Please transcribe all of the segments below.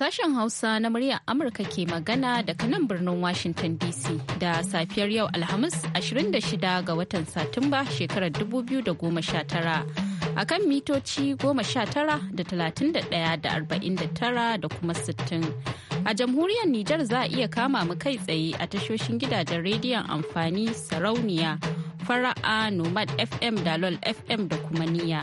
Sashen Hausa na muryar Amurka ke magana daga nan birnin Washington DC da safiyar yau Alhamis 26 ga watan Satumba shekarar 2019 a kan mitoci 19 da 31 da 49 da kuma 60. A jamhuriyar Nijar za a iya kama mu kai tsaye a tashoshin gidajen rediyon amfani sarauniya fara'a nomad FM da lol FM da kuma niya.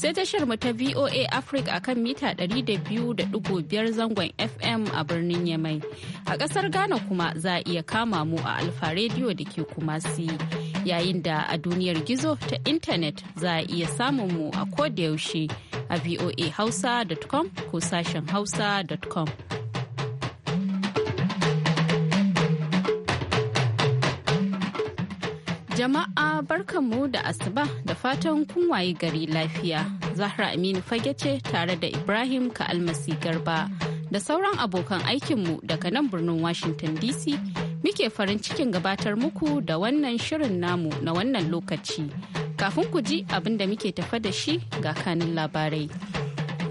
sai tasharmu ta VOA Africa akan mita 200.5 zangon FM a birnin Yamai. A ƙasar Ghana kuma za a iya kama mu a Alfa Radio da ke kuma si. Yayin da a duniyar gizo ta intanet za a iya samun mu a yaushe a voahausa.com ko sashen hausa.com. Jama'a barkanmu da asuba da fatan kun waye gari lafiya. Zahra Aminu fage ce tare da Ibrahim ka almasi Garba da sauran abokan aikinmu daga nan birnin Washington DC muke farin cikin gabatar muku da wannan shirin namu na wannan lokaci. Kafin ku ji abin da muke tafa da shi ga kanin labarai.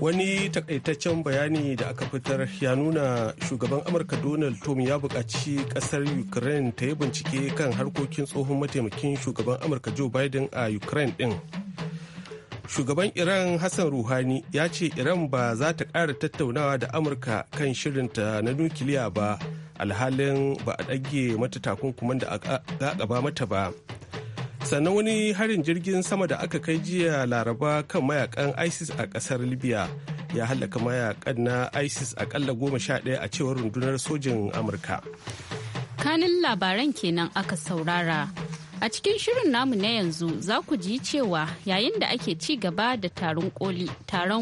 wani takaitaccen bayani da aka fitar ya nuna shugaban amurka donald trump ya buƙaci ƙasar ukraine ta yi bincike kan harkokin tsohon mataimakin shugaban amurka joe biden a ukraine din shugaban iran hassan ruhani ya ce iran ba za ta ƙara tattaunawa da amurka kan shirinta na nukiliya ba alhalin ba a ɗage mata takunkuman da aka ba mata ba sannan wani harin jirgin sama da aka kai jiya laraba kan mayakan isis a kasar libya ya hallaka mayakan na isis akalla goma sha ɗaya a cewar rundunar sojin amurka kanin labaran kenan aka saurara a cikin shirin namu na yanzu za ku ji cewa yayin da ake ci gaba da taron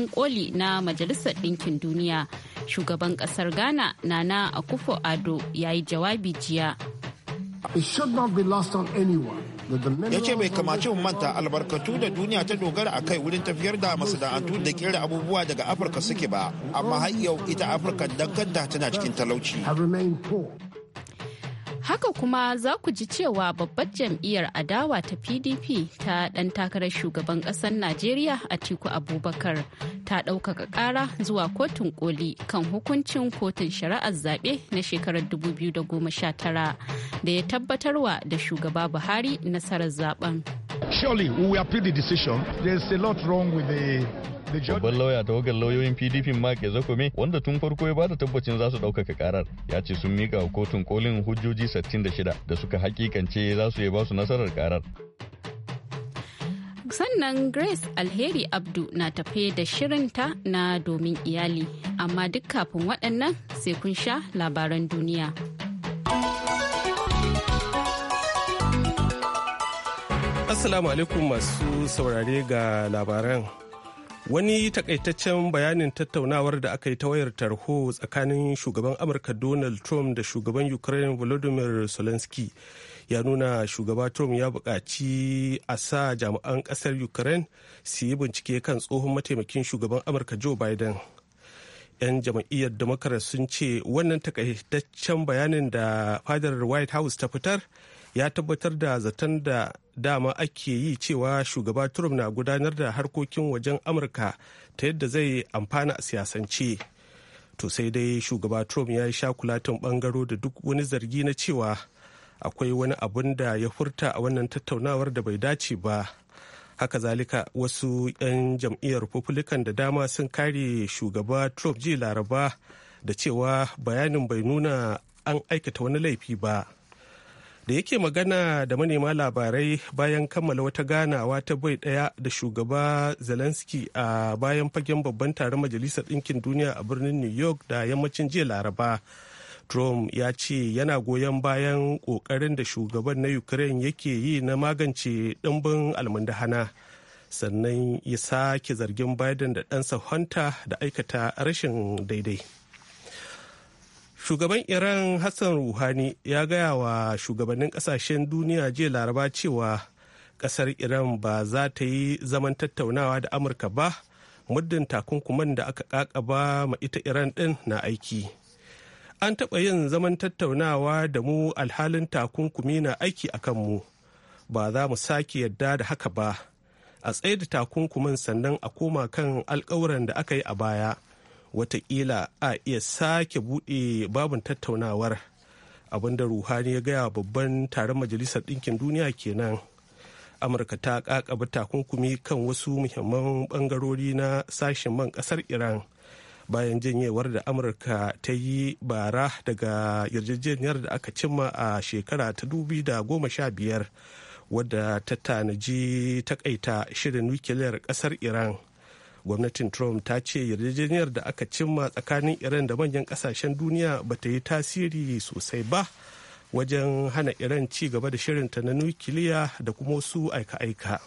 koli, na majalisar ɗinkin duniya shugaban ƙasar ghana nana akufo ado yayi jawabi jiya ya ce bai kamaci mu manta albarkatu da duniya ta dogara a kai wurin tafiyar da masana'antu da kera abubuwa daga afirka suke ba amma har yau ita afirka dankanta kanta tana cikin talauci Haka kuma za ku ji cewa babbar jam'iyyar adawa ta PDP ta ɗan takarar shugaban ƙasar Najeriya tiku Abubakar ta ɗaukaka ƙara zuwa kotun koli kan hukuncin kotun shari'ar zaɓe na shekarar 2019 da ya tabbatarwa da shugaba Buhari nasarar zaben. Surely we will appeal the decision. is a lot wrong with the babban lauya ta tawagar lauyoyin pdp mike zakome wanda tun farko ya bada tabbacin za su ɗaukaka karar ya ce sun mika wa kotun kolin hujjoji 66 da suka hakikance za su iya ba su nasarar karar sannan grace alheri abdu na tafe da shirinta na domin iyali amma duk kafin waɗannan sai kun sha labaran duniya assalamu alaikum masu saurare ga labaran wani takaitaccen bayanin tattaunawar da aka yi ta wayar tarho tsakanin shugaban amurka donald trump da shugaban ukraine volodymyr zelensky ya nuna shugaba trump ya buƙaci a sa jami'an ƙasar ukraine su yi bincike kan tsohon mataimakin shugaban amurka joe biden 'yan jam'iyyar democrat sun ce wannan takaitaccen bayanin da fadar white house ta fitar ya tabbatar da zaton da dama ake yi cewa shugaba trump na gudanar da harkokin wajen amurka ta yadda zai amfana a siyasance to sai dai shugaba trump ya yi shakulatin bangaro da duk wani zargi na cewa akwai wani abun da ya furta a wannan tattaunawar da bai dace ba haka zalika wasu 'yan jam'iyyar republican da dama sun kare shugaba trump ji laraba da cewa bayanin bai nuna an aikata wani laifi ba da yake magana da manema labarai bayan kammala wata ganawa ta bai daya da shugaba zelensky a bayan fagen babban taron majalisar ɗinkin duniya a birnin new york da yammacin jiya laraba trump ya ce yana goyon bayan ƙoƙarin da shugaban na ukraine yake yi na magance ɗimbin almundahana sannan ya sake zargin biden da ɗansa hunter da aikata rashin daidai shugaban iran hassan ruhani ya gaya wa shugabannin kasashen duniya jiya laraba cewa kasar iran ba za ta yi zaman tattaunawa da amurka ba muddin takunkuman da aka ba ma ita iran din na aiki an taɓa yin zaman tattaunawa da mu alhalin takunkumi na aiki a kanmu ba za mu sake yadda da haka ba a tsaye da takunkumin sannan a koma kan alkawuran da aka yi a baya watakila a iya sake buɗe babin tattaunawar abinda ruhani ya gaya babban taron majalisar ɗinkin duniya kenan amurka ta kakaba takunkumi kan wasu muhimman bangarori na sashen man ƙasar iran bayan janyewar da amurka ta yi bara daga yarjejeniyar da aka cimma a shekara ta da goma sha biyar wadda ta tanaji takaita shirin nukiliyar ƙasar iran gwamnatin trump ta ce yarjejeniyar da aka cimma tsakanin iran da manyan kasashen duniya ba ta yi tasiri sosai ba wajen hana iran ci gaba da shirinta na nukiliya da kuma wasu aika-aika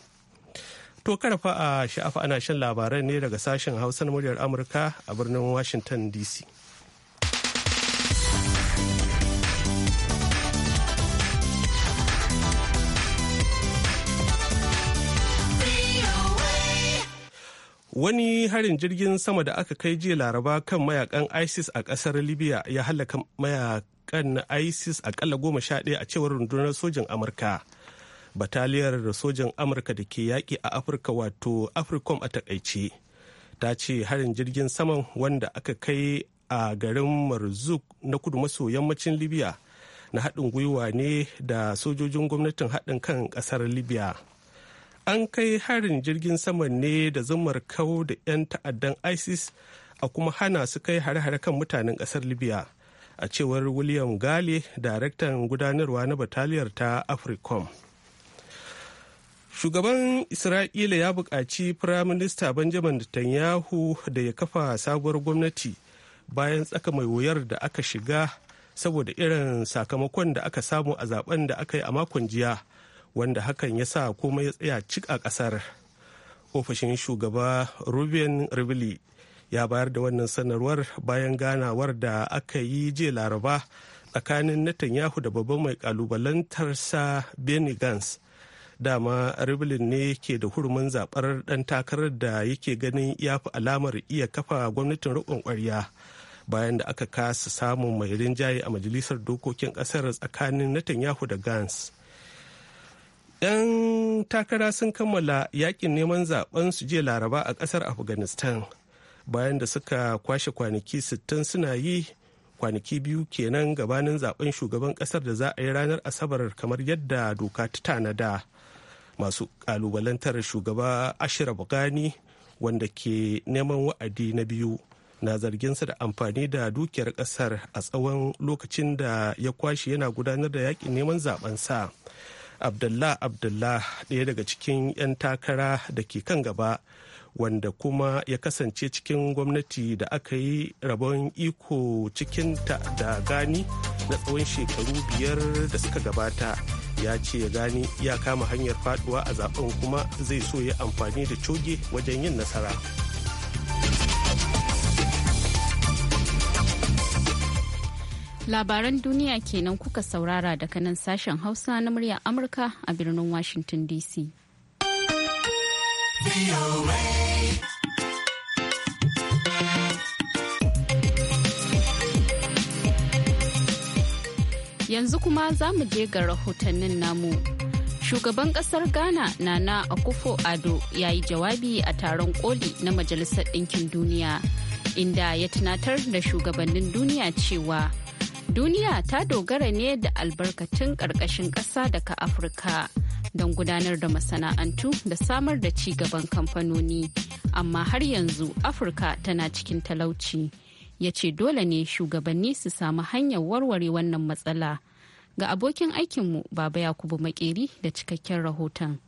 to karfa a sha'afa ana shan labaran ne daga sashen hausa na muryar amurka a birnin washington dc wani harin jirgin sama da aka kai jiya laraba kan mayakan isis a kasar libya ya halaka mayakan isis akalla goma sha ɗaya a cewar rundunar sojin amurka bataliyar sojin amurka da ke yaƙi a afirka wato africom a takaice ta ce harin jirgin saman wanda aka kai a garin marzuk na kudu maso yammacin libya na haɗin gwiwa ne da sojojin gwamnatin haɗin kan ƙasar libya an kai harin jirgin saman ne da zumar kau da 'yan ta'addan isis a kuma hana su kai hare-hare kan mutanen kasar libya a cewar william gale daraktan gudanarwa na bataliyar ta africom shugaban isra'ila ya buƙaci firaminista benjamin netanyahu da ya kafa sabuwar gwamnati bayan tsaka mai wuyar da aka shiga saboda irin sakamakon da aka samu a zaben da aka yi a makon jiya wanda hakan ya sa komai ya tsaya cik a kasar ofishin shugaba ruben rivlin ya bayar da wannan sanarwar bayan ganawar da aka yi jiya laraba tsakanin netanyahu da babban mai kalubalantarsa benny gans dama riblin ne ke da hurumin zaɓar ɗan takarar da yake ganin ya fi alamar iya kafa gwamnatin rukun ƙwarya bayan da aka kasa samun mai rinjaye a majalisar dokokin ƙasar tsakanin netanyahu da gans 'yan takara sun kammala yakin neman zaben su je laraba a kasar afghanistan bayan da suka kwashe kwanaki 60 suna yi kwanaki biyu kenan gabanin zaben shugaban kasar da za a yi ranar asabar kamar yadda doka ta tanada masu kalubalantar shugaba ashira bugani wanda ke neman wa'adi na biyu na zarginsa da amfani da dukiyar kasar a tsawon lokacin da ya kwashe yana gudanar da yakin neman zaben sa. abdullah abdullah ɗaya daga cikin 'yan takara da ke kan gaba wanda kuma ya kasance cikin gwamnati da aka yi rabon iko cikin ta da gani na tsawon shekaru biyar da suka gabata ya ce ya gani ya kama hanyar faduwa a zaben kuma zai so ya amfani da coge wajen yin nasara. Labaran duniya kenan kuka saurara daga nan sashen Hausa na muryar Amurka a birnin Washington DC. Yanzu kuma za mu je ga rahotannin namu. shugaban kasar ghana nana akufo ado ya yi jawabi a taron koli na majalisar ɗinkin duniya inda ya tunatar da shugabannin duniya cewa duniya ta dogara ne da albarkatun ƙarƙashin ƙasa daga afirka don gudanar da masana'antu da samar da ci gaban kamfanoni amma har yanzu afirka tana cikin talauci ya ce dole ne shugabanni su samu hanyar warware wannan matsala ga abokin aikinmu baba yakubu makeri da cikakken rahoton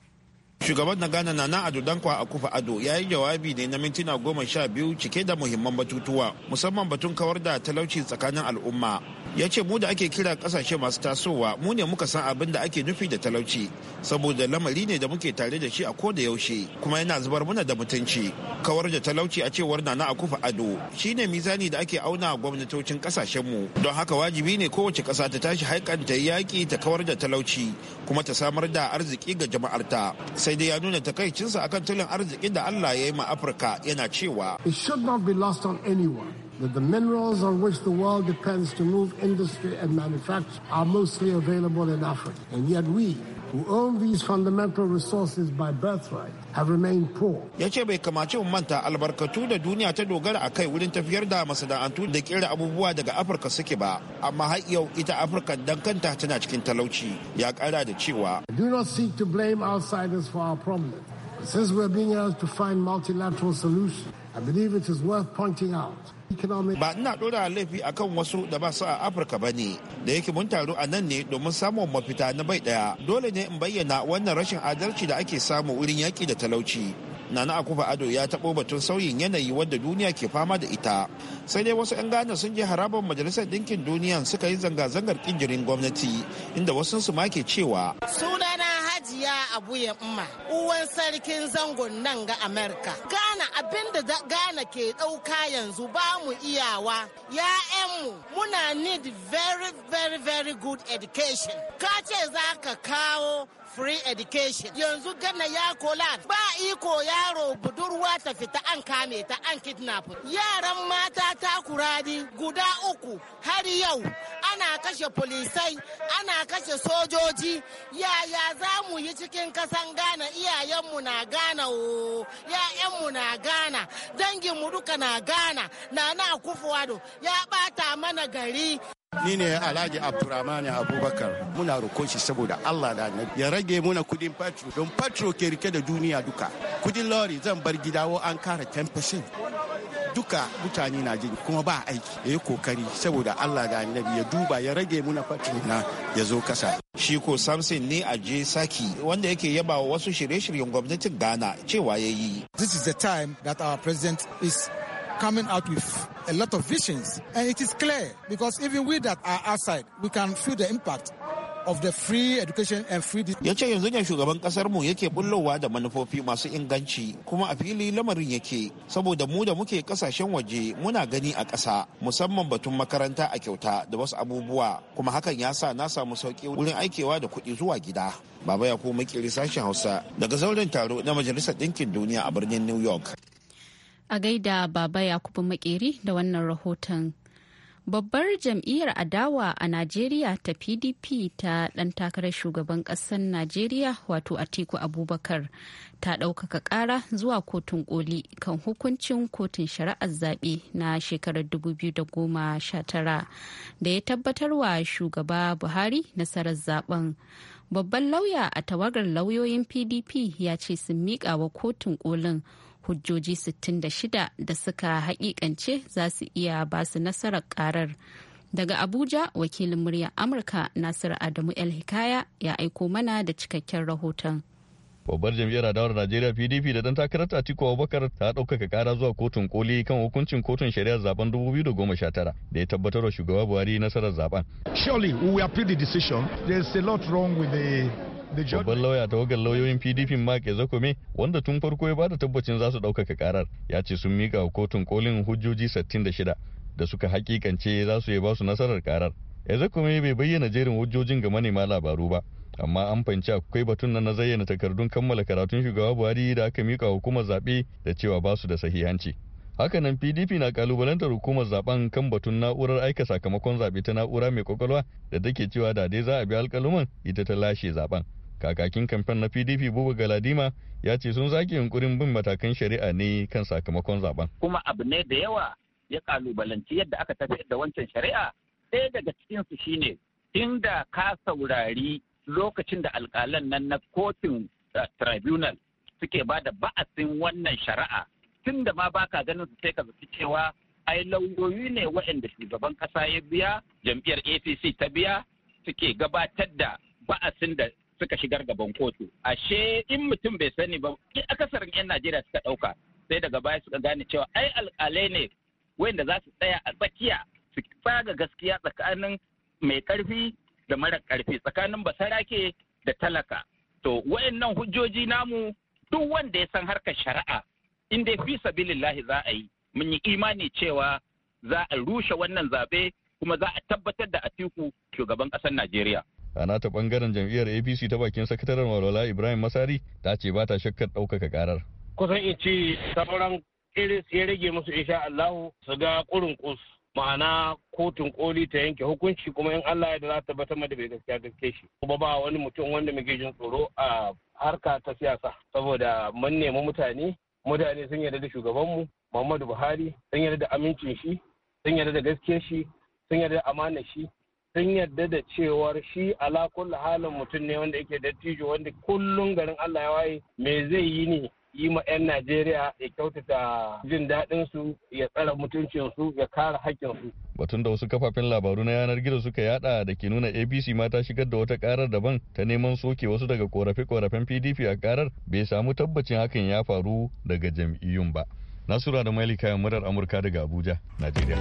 Shugaban na gana na Ado Dankwa kufa Ado ya yi jawabi ne na mintuna goma sha biyu cike da muhimman batutuwa musamman batun kawar da talauci tsakanin al'umma. Ya ce mu da ake kira kasashe masu tasowa mu ne muka san abin da ake nufi da talauci saboda lamari ne da muke tare da shi a ko da yaushe kuma yana zubar mana da mutunci. Kawar da talauci a cewar na Nana kufa Ado shine mizani da ake auna gwamnatocin kasashen mu don haka wajibi ne kowace kasa ta tashi haikanta yaƙi ta kawar da talauci kuma ta samar da arziki ga jama'arta. sai dai ya nuna takaicinsa akan tulin arzikin da Allah ya yi ma Afirka yana cewa. It should not be lost on anyone. that the minerals on which the world depends to move industry and manufacture are mostly available in Africa. And yet we, who own these fundamental resources by birthright have remained poor. Ya ce bai kamace mu manta albarkatu da duniya ta dogara a kai wurin tafiyar da masana'antu da kera abubuwa daga Afirka suke ba, amma har yau ita Afirka dan kanta tana cikin talauci ya kara da cewa. Do not seek to blame outsiders for our problems. Since we're being asked to find multilateral solutions, I believe it is worth pointing out Ba ina ɗora laifi akan wasu da ba su a Afirka ba ne, da yake mun taru a nan ne domin samun mafita na bai ɗaya. Dole ne in bayyana wannan rashin adalci da ake samu wurin yaki da talauci. Nana Akufa Ado ya taɓo batun sauyin yanayi wadda duniya ke fama da ita. Sai dai wasu 'yan Ghana sun je harabar Majalisar Ɗinkin Duniya suka yi zanga-zangar ƙinjirin gwamnati, inda wasu su ma ke cewa. Sunana ajiya abuya umma uwan sarkin zangon nan ga amerika gana abinda da gana ke ɗauka yanzu ba mu iyawa mu muna need very very very good education ka ce za ka kawo free education yanzu gana ya kola ba iko yaro budurwa ta fita an kame ta an kidnap yaran mata ta kuradi guda uku har yau ana kashe polisai ana kashe sojoji yaya za mu yi cikin kasan gana iyayenmu na gana o ya'yanmu na gana danginmu duka na gana na na kufuwa ya bata mana gari Ni ne Alhaji Abdurrahman Abubakar muna roƙon shi saboda Allah da annabi ya rage muna kudin patro don patro ke rike da duniya duka. Kudin lori zan bar gidawo an kara 10%. duka mutane na jin kuma ba aiki ya yi kokari saboda Allah da annabi ya duba ya rage muna na ya zo kasa. Shi ko Samson ne a je saki wanda yake yaba wasu shirye-shiryen gwamnatin Ghana cewa ya yi. This is the time that our president is coming out with a lot of visions. And it is clear because even we that are outside, we can feel the impact of the free education and free ya ce yanzu ne shugaban kasar mu yake bullowa da manufofi masu inganci kuma a fili lamarin yake saboda mu da muke kasashen waje muna gani a ƙasa musamman batun makaranta a kyauta da wasu abubuwa kuma hakan ya sa na samu sauki wurin aikewa da kuɗi zuwa gida baba ya kuma kiri sashen hausa daga zauren taro na majalisar ɗinkin duniya a birnin new york A gaida Baba Yakubu Makeri da wannan rahoton. Babbar jam'iyyar adawa a Najeriya ta PDP ta ɗan takarar shugaban ƙasar Najeriya wato Atiku Abubakar ta ɗaukaka ƙara zuwa kotun koli kan hukuncin kotun shari'ar zaɓe na shekarar 2019 da ya tabbatar wa shugaba Buhari nasarar zaben. Babban lauya a tawagar lauyoyin PDP ya ce sun miƙa wa kotun kolin hujjoji 66 da suka haƙiƙance za su iya ba su nasarar karar. Daga Abuja, wakilin murya Amurka Nasiru Adamu El Hikaya ya aiko mana da cikakken rahoton. babbar jam'iyyar adawar najeriya pdp da dan takarar tiko abubakar ta ɗaukaka kara zuwa kotun koli kan hukuncin kotun shari'ar zaben 2019 da ya tabbatar wa shugaba buhari nasarar zaben surely we appeal the decision there is a lot wrong with the babban lauya ta wagan lauyoyin pdp mark zakome wanda tun farko ya bada tabbacin za su ɗaukaka karar ya ce sun mika wa kotun kolin hujjoji 66 da suka hakikance za su yi ba su nasarar karar ezekome bai bayyana jerin hujjojin ga manema labaru ba amma an fahimci akwai batun na na zayyana takardun kammala karatun shugaba buhari da aka mika hukumar zaɓe da cewa ba su da sahihanci hakanan pdp na kalubalantar hukumar zaben kan batun na'urar aika sakamakon zaɓe ta na'ura mai kwakwalwa da take cewa da dai za a bi alkaluman ita ta lashe zaben kakakin kamfen na pdp buba galadima ya ce sun zage yunkurin bin matakan shari'a ne kan sakamakon zaben kuma abu ne da yawa ya kalubalanci yadda aka tafiyar da wancan shari'a ɗaya daga cikinsu shine inda ka saurari lokacin da alkalan nan na kotun eh, tribunal suke ba da ba'asin wannan shari'a tun da ma baka ganin su sai ka zaci cewa ai lauyoyi ne waɗanda shugaban ƙasa ya biya jam'iyyar apc ta biya suke gabatar da ba'asin da suka shigar gaban kotu ashe in mutum bai sani ba a in akasarin 'yan najeriya suka ɗauka sai daga baya suka gane cewa ai alƙalai ne wanda za su tsaya a tsakiya su tsaga gaskiya tsakanin mai ƙarfi da mara ƙarfi tsakanin basarake da talaka to wayannan hujjoji namu duk wanda ya san harkar shari'a in dai fi sabilillahi za a yi mun yi imani cewa za a rushe wannan zaɓe kuma za a tabbatar da atiku shugaban ƙasar najeriya a ta bangaren jam'iyyar apc ta bakin sakataren walwala ibrahim masari ta ce ba ta shakkar ɗaukaka karar kusan in ce sauran iris ya rage musu insha allahu su ga kurin kus ma'ana kotun koli ta yanke hukunci kuma in Allah ya da za ta batar da bai gaskiya gaske shi kuma ba wani mutum wanda muke jin tsoro a harka ta siyasa saboda mun nemi mutane mutane sun yarda da shugabanmu Muhammadu Buhari sun yarda da amincin shi sun yarda da gaske shi sun yarda da amanar shi sun yarda da cewar shi ala halin mutum ne wanda yake dattijo wanda kullum garin Allah ya waye me zai yi ne yi ma 'yan Najeriya ya kyautata jin daɗin su ya tsara mutuncin su ya kare haƙƙinsu. su. Batun da wasu kafafen labaru na yanar gizo suka yada da ke nuna APC ma ta shigar da wata karar daban ta neman soke wasu daga korafe-korafen PDP a karar bai samu tabbacin hakan ya faru daga jam'iyyun ba. Nasura da kayan murar Amurka daga Abuja, Najeriya.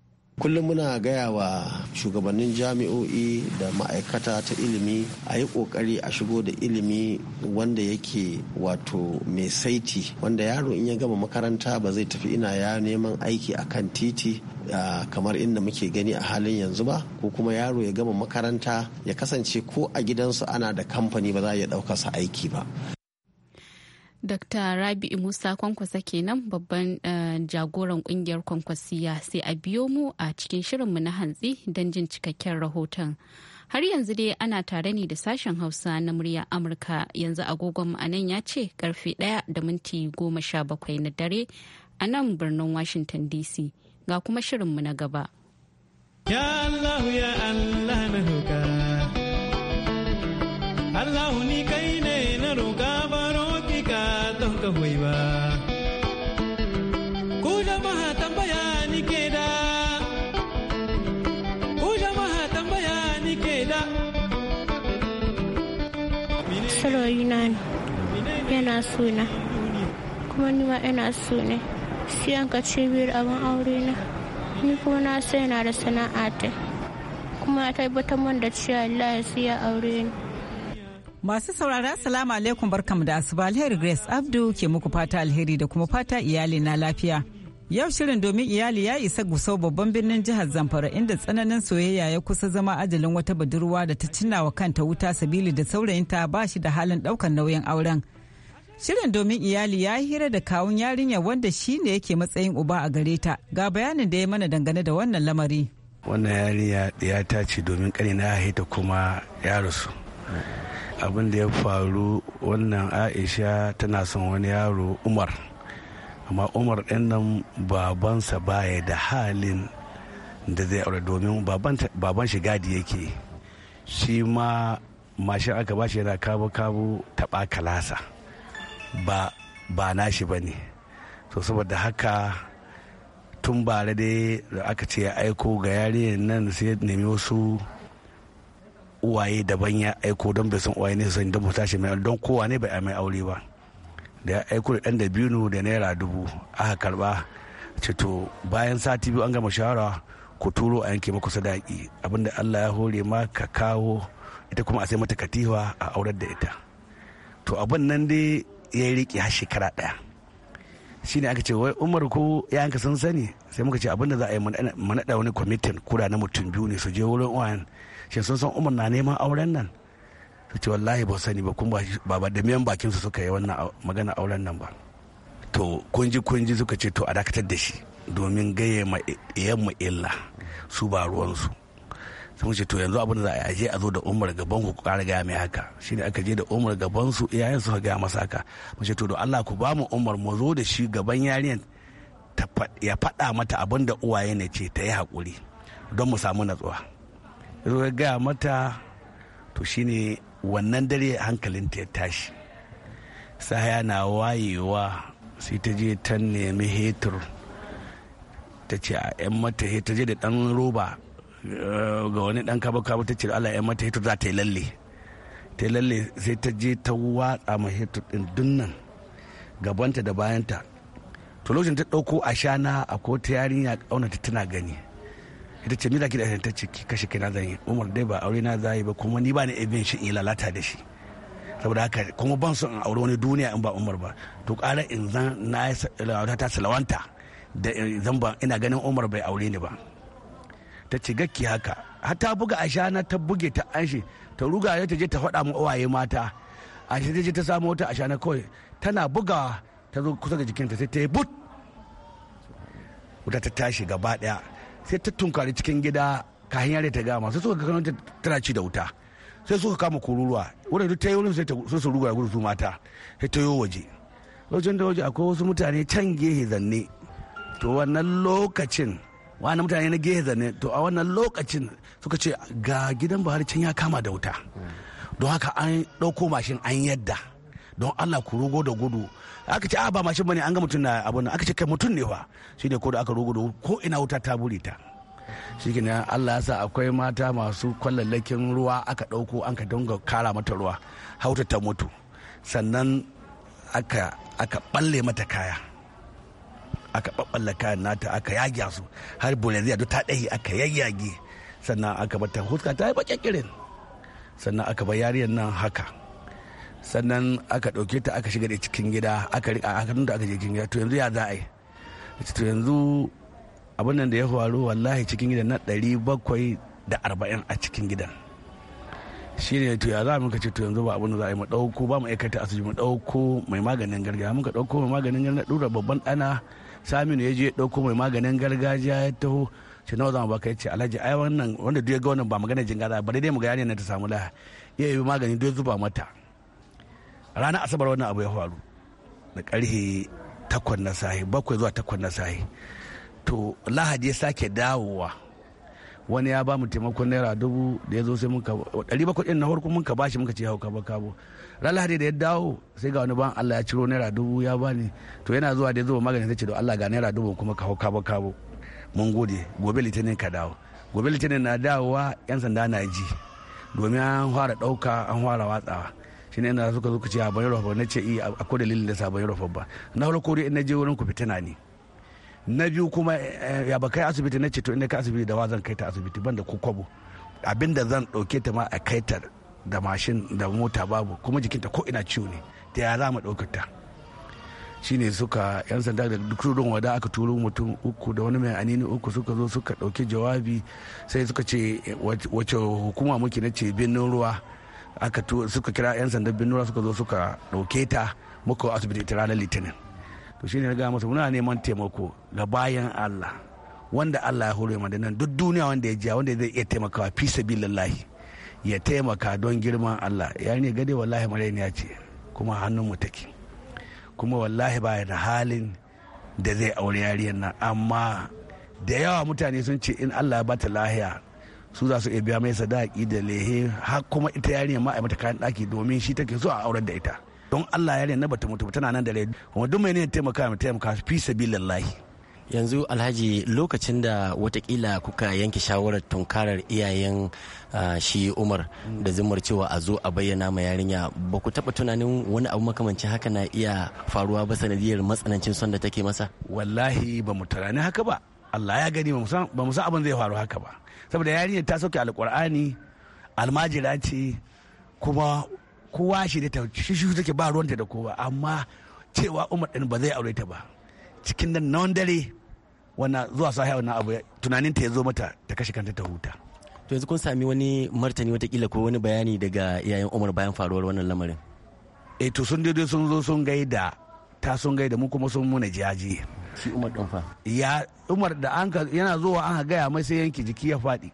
kullum muna gaya wa shugabannin jami'o'i da ma'aikata ta ilimi a yi kokari a shigo da ilimi wanda yake wato mai saiti wanda yaro in ya gama makaranta ba zai tafi ina ya neman aiki a kan titi kamar inda muke gani a halin yanzu ba ko kuma yaro ya gama makaranta ya kasance ko a gidansu ana da kamfani ba za a iya su aiki ba Dr. Rabi'u Musa Kwankwasa kenan babban uh, jagoran kungiyar Kwankwasiya sai a biyo mu a cikin shirinmu na hantsi don jin cikakken rahoton. Har yanzu dai ana tare ne da sashen Hausa na murya Amurka yanzu agogon ma'anan ya ce karfe ɗaya da minti goma sha bakwai na dare a nan birnin Washington DC ga kuma shirinmu na gaba. Allah ya Allah na Allah ni kai suna kuma ni ma ina so ne siyan ka cibiyar abin aure na ni kuma na sai na da sana'a ta kuma ta tabbatar man da cewa Allah ya siya aure ni Masu saurara salamu alaikum barkamu da asuba alheri Grace Abdu ke muku fata alheri da kuma fata iyali na lafiya. Yau shirin domin iyali ya isa gusau babban birnin jihar Zamfara inda tsananin soyayya ya kusa zama ajalin wata budurwa da ta cinna wa kanta wuta sabili da saurayinta ba shi da halin daukan nauyin auren. Shirin domin iyali ya hira da kawun yarinya wanda shi ne yake matsayin uba a gare ta. Ga bayanin da ya mana dangane da wannan lamari. Wannan yarinya ya tace domin kani na haita kuma ya rasu. Abin da ya faru wannan Aisha tana son wani yaro Umar. Amma Umar ɗin nan babansa baya da halin da zai aure domin baban shi gadi yake. Shi ma mashin aka bashi yana kabo-kabo taɓa kalasa. ba ba nashi ba ne to saboda haka tun bare dai da aka ce ya aiko ga yare nan sai nemi wasu uwaye daban ya aiko don bai san uwaye ne su don mutashi mai don kowa ne bai mai aure ba da ya aiko da ɗan da biyu da naira dubu aka karba ce to bayan sati biyu an gama shawara ku turo a yanke maku sadaki abinda Allah ya hore ma ka kawo ita kuma a sai mata katifa a aurar da ita to abin nan dai ya yi riƙe har shekara ɗaya shine aka ce wai umar ko yayanka sun sani sai muka ce abinda za a yi manaɗa wani kwamitin kura na mutum biyu ne su je wurin uwan shi sun san umar na neman auren nan su ce wallahi ba sani ba kuma ba da miyan bakin su suka yi wannan magana auren nan ba to kunji kunji suka ce to a dakatar da shi domin gaye ma eh, illa su ba ruwansu sun ce to yanzu abin da za a aje a zo da umar gaban ku ƙara gaya mai haka shine aka je da umar gaban su iyayen su gaya masa haka mun ce to do Allah ku ba mu umar mu zo da shi gaban yarinyar ya faɗa mata abin da uwaye ne ce ta yi hakuri. don mu samu natsuwa ya gaya mata to shine wannan dare hankalin ta ya tashi sahaya na wayewa sai ta je ta nemi hetur ta ce a 'yan mata ta je da ɗan roba Eh, ga wani dan kaba kaba ta ce Allah ya mata hitu za ta yi lalle ta yi lalle sai ta je ta watsa ma hitu din dunnan gabanta da bayanta to lokacin ta dauko shana a ko ta yarinya kauna ta tana gani ita ce mira kida ta ce ki kashe kina zan yi Umar dai ba aure na zai ba kuma ni ba ni abin shi in lalata da shi saboda haka kuma ban so in aure wani duniya in ba Umar ba to ƙara in zan na ta salawanta da zan ba ina ganin Umar bai aure ni ba ta ci gakki haka har ta buga ashana ta buge ta anshi, ta ruga ta je ta faɗa mu uwaye mata shi ta je ta samu wata ashana kawai tana bugawa ta zo kusa da jikinta sai ta yi but wuta ta tashi gaba daya sai ta tunkari cikin gida kahin yare ta gama sai suka gano tana ci da wuta sai suka kama kururuwa wurin duk ta yi wurin sai su ruga gudu su mata sai ta yi waje lokacin da waje akwai wasu mutane can gehe zanne to wannan lokacin wani mutane na geza ne to a wannan lokacin suka ce ga gidan buhari can ya kama da wuta don haka an ɗauko mashin an yadda don allah ku rugo da gudu aka ce a ah, ba mashin bane an ga mutum na abu aka ce kai mutum ne fa shine ko da aka rugo da ko ina wuta ta bure ta shi ne allah ya sa akwai mata masu kwallallakin ruwa aka ɗauko an ka dinga kara mata ruwa hauta ta mutu sannan aka aka balle mata kaya aka ɓaɓɓalla kayan nata aka yage su har bolivia duk ta ɗaya aka yayyage sannan aka bar ta huska ta yi baƙaƙirin sannan aka bar yariyar nan haka sannan aka ɗauke ta aka shiga da cikin gida aka riƙa aka nuna aka je cikin gida to yanzu ya za a yi to yanzu abin nan da ya faru wallahi cikin gidan na ɗari bakwai da arba'in a cikin gidan shi ne to ya za mu ce to yanzu ba abin da za a yi mu ɗauko ba mu aikata asibiti mu ɗauko mai maganin gargajiya ka ɗauko mai maganin gargajiya ɗura babban ɗana saminu ya je ya ɗauko mai maganin gargajiya ya taho shi na zama baka ce alhaji ai wannan wanda duk ya ga wannan ba magana jin gaza ba dai mu ga na ta samu laha ya yi magani duk zuba mata ranar asabar wannan abu ya faru da karhe takwas na sahi bakwai zuwa takwas na sahi to lahadi ya sake dawowa wani ya ba mu taimakon naira dubu da ya zo sai muka ɗari bakwai ɗin na farko muka bashi muka ce hau kabo kabo ran lahadi da ya dawo sai ga wani ban Allah ya ciro naira dubu ya bani to yana zuwa da zuwa magani sai ce do Allah ga naira dubu kuma kawo kabo kabo mun gode gobe litinin ka dawo gobe litinin na dawowa yan sanda na ji domin an fara dauka an fara watsawa ne ina suka zuka ce a bayan rufa na ce eh, i ko dalilin da sabon rufa ba na farko dai na je wurin ku fitina ne na biyu kuma eh, ya ba kai asibiti na ce to ina ka asibiti da wa zan kai ta asibiti ban da ku kwabo abinda zan dauke ta ma a kai ta da mashin da mota babu kuma jikinta ko ina ciwo ne da ya za mu ta shine suka yan sanda da duk rudun wada aka turo mutum uku da wani mai anini uku suka zo suka ɗauki jawabi sai suka ce wace hukuma muke na ce birnin ruwa aka suka kira yan sanda birnin ruwa suka zo suka ɗauke ta muka asibiti ta ranar litinin to shine na gaya masa muna neman taimako ga bayan allah wanda allah ya hore da nan duk duniya wanda ya jiya wanda zai iya taimakawa fi sabilillahi ya taimaka don girman Allah ya ne gade wallahi marainiya ce kuma hannun take kuma wallahi ba da halin da zai aure yariyar nan amma da yawa mutane sun ce in Allah ya bata lahiya su za su iya biya mai sadaki da lehe har kuma ita yarinya ma a mata kayan daki domin shi take zuwa a aurar da ita don Allah yarinya na bata mutu tana nan da rai kuma duk mai ne taimaka mai taimaka fi sabilillahi yanzu alhaji lokacin da watakila kuka yanke shawarar tunkarar iyayen ah, shi umar da zumar cewa a zo a bayyana ma yarinya ba ku taɓa tunanin wani abu makamancin haka na iya faruwa ba sanadiyar matsanancin son da take masa wallahi ba mu tunanin haka ba allah ya gani ba mu san abin zai faru haka ba saboda yarinyar ta sauke alkur'ani almajira ce kuma kowa shi da ta shi take ba ruwanta da kowa amma cewa umar din ba zai aure ta ba cikin nan na dare wannan zuwa sahaya wannan abu tunanin ta ya zo mata ta kashe kanta ta huta to yanzu kun sami wani martani watakila ko wani bayani daga iyayen umar bayan faruwar wannan lamarin eh to sun daidai sun zo sun gaida ta sun gaida mu kuma sun muna jaji shi umar din fa ya umar da an yana zuwa an gaya mai sai yanki jiki ya faɗi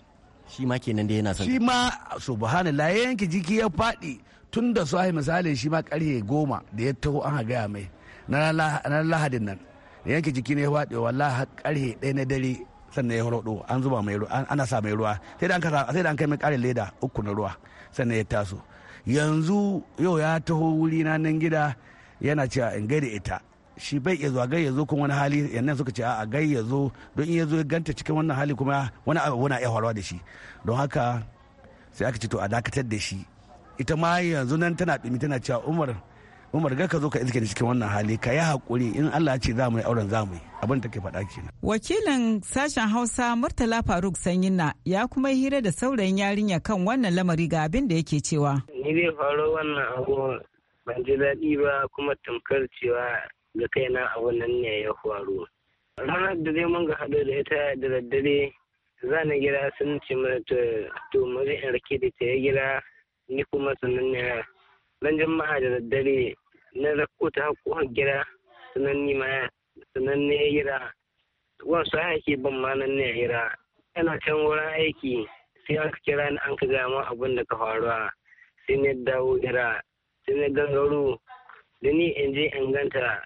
shi ma kenan da yana son shi ma subhanallah layi yanki jiki ya faɗi tun da su misali shi ma karye goma da ya taho an gaya mai na lahadin nan da yanke jiki ne ya faɗi wallahi karhe ɗaya na dare sannan ya rodo an zuba mai ruwa ana sa mai ruwa sai da an kai mai ƙarin leda uku na ruwa sannan ya taso yanzu yau ya taho wuri na nan gida yana cewa in gaida ita shi bai iya zuwa gai ya zo kuma wani hali yannan suka ce a gai ya zo don iya zo ya ganta cikin wannan hali kuma wani abu na iya faruwa da shi don haka sai aka ce to a dakatar da shi ita ma yanzu nan tana ɗumi tana cewa umar umar ga ka zo ka iske cikin wannan hali ka yi hakuri in allah ce za mu yi auren za mu yi abin da ke faɗa kenan. wakilin sashen hausa murtala faruk sanyina ya kuma hira da saurayin yarinya kan wannan lamari ga abin da yake cewa. ni zai faru wannan abu ban ji daɗi ba kuma tamkar cewa ga kaina abu nan ne ya faru. ranar da zai mun ga haɗu da ita da daddare za na gida sun ce mana to mu zai in rake da ta ya gida ni kuma sannan ne dan jama'a da daddare na rako ta ko gira sanan ni ma sanan ne wasu aiki ban ma nan ne gira yana can wurin aiki sai an ka kira ni an ka ma abin da ka faruwa sai ne dawo gira sai ne gangaro da ni in je in ganta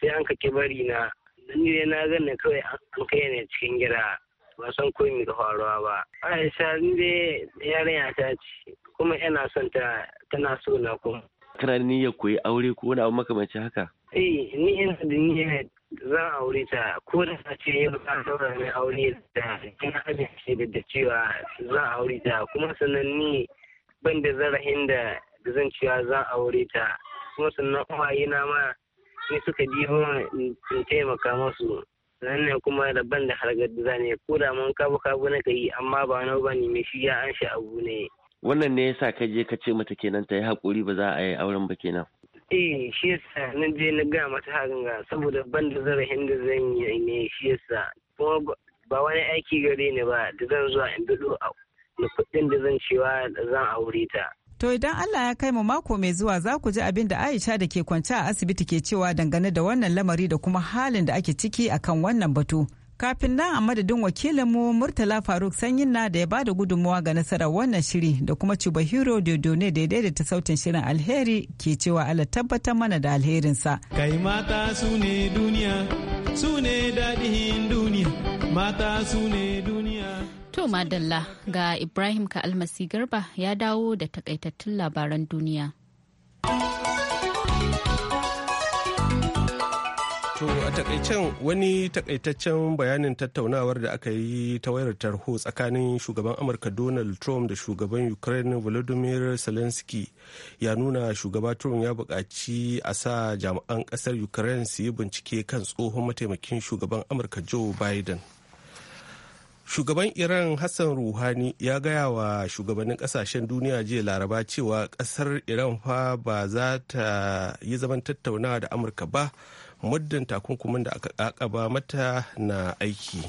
sai an ka kibari na ni dai na gane kawai an kai ne cikin gira ba san ko me ka faruwa ba aisha ni dai yarinya ta ce kuma yana son ta tana so na kuma kana da niyyar yi aure ko wani abu makamancin haka eh ni ina da niyyar zan aure ta ko da ta ce yau ka saura mai aure da ina abinci da cewa zan aure ta kuma sannan ni ban da zarahin da zan cewa zan aure ta kuma sannan uwaye na ma ni suka biyo in taimaka masu nan ne kuma daban da da zane ko da mun kabu kabu na kai, amma ba nau ba ne shi ya an shi abu ne. Wannan ne yasa ka je ka ce mata kenan ta yi haƙuri ba za a yi auren ba kenan. Eh shi yasa nan je na gaya mata hakan ga saboda ban da zarafin da zan yi ne shi yasa ba wani aiki gare ne ba da zan zuwa in bido a kuɗin da zan cewa zan aure ta. To idan Allah ya kai mu mako mai zuwa za ku ji abin da Aisha da ke kwance a asibiti ke cewa dangane da wannan lamari da kuma halin da ake ciki akan wannan batu. Kafin nan a madadin wakilinmu Murtala Faruk Sanyin na da ya bada gudunmawa ga nasarar wannan shiri da kuma Cuba Hero Dodone da ya daidaita sautin shirin alheri ke cewa Allah tabbatar mana da alherinsa. Kai mata su ne duniya, su ne daɗin duniya, mata su ne duniya. To Madalla ga Ibrahim ka almasi garba ya dawo da takaitattun labaran duniya. To a takaicen wani takaitaccen bayanin tattaunawar da aka yi ta wayar tarho tsakanin shugaban Amurka Donald Trump da shugaban Ukraine Volodymyr Zelensky ya nuna shugaba Trump ya buƙaci a sa jami'an ƙasar Ukraine su yi bincike kan tsohon mataimakin shugaban Amurka Joe Biden. shugaban iran hassan ruhani ya gaya wa shugabannin kasashen duniya jiya laraba cewa kasar iran fa ba za ta yi zaman tattaunawa da amurka ba muddin takunkumin da aka kakaba mata na aiki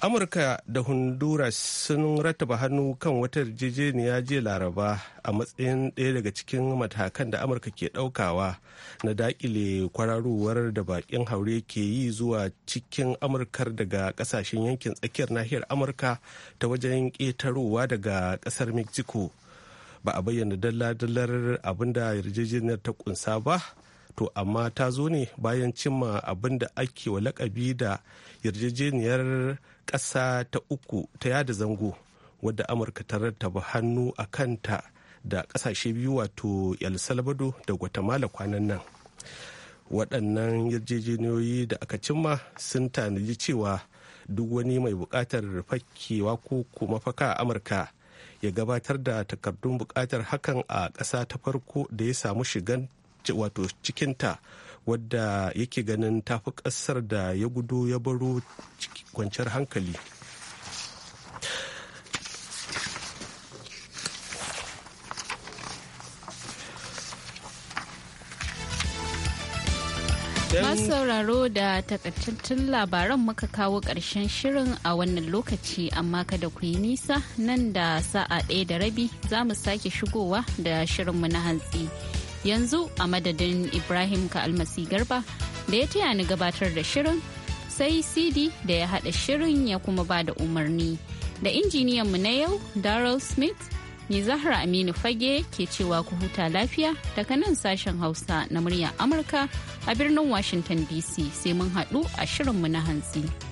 amurka da honduras sun rattaba hannu kan wata yarjejeniya jiya laraba a matsayin ɗaya daga cikin matakan da amurka ke ɗaukawa na daƙile kwararowar da baƙin haure ke yi zuwa cikin amurkar daga ƙasashen yankin tsakiyar nahiyar amurka ta wajen ƙetarowa daga ƙasar mexico ba a bayyana dalla-dallar abinda yarjejeniyar ta ƙunsa ba to amma ta zo ne bayan cimma abin da ake wa lakabi da yarjejeniyar ƙasa ta uku ta yada zango wadda amurka ta rattaba hannu a kanta da ƙasashe biyu wato el salvador da guatemala kwanan nan waɗannan yarjejeniyoyi da aka cimma sun tanaji cewa duk wani mai buƙatar fakewa ko kuma faka a amurka ya gabatar da takardun buƙatar hakan a ƙasa ta farko da ya samu shigan wato cikinta wadda yake ganin tafi kasar da ya gudu ya baro kwanciyar hankali Masu sauraro da takaitattun labaran muka kawo ƙarshen shirin a wannan lokaci amma kada ku yi nisa nan da sa'a ɗaya da rabi za mu sake shigowa da shirinmu na hantsi. yanzu a madadin ibrahim ka almasi garba da ya taya ni gabatar da shirin sai cd da ya haɗa shirin ya kuma ba da umarni da injiniyan mu na yau daryl smith ni zahra aminu fage ke cewa ku huta lafiya daga nan sashen hausa na muryar amurka a birnin washington dc sai mun haɗu a shirin mu na hantsi.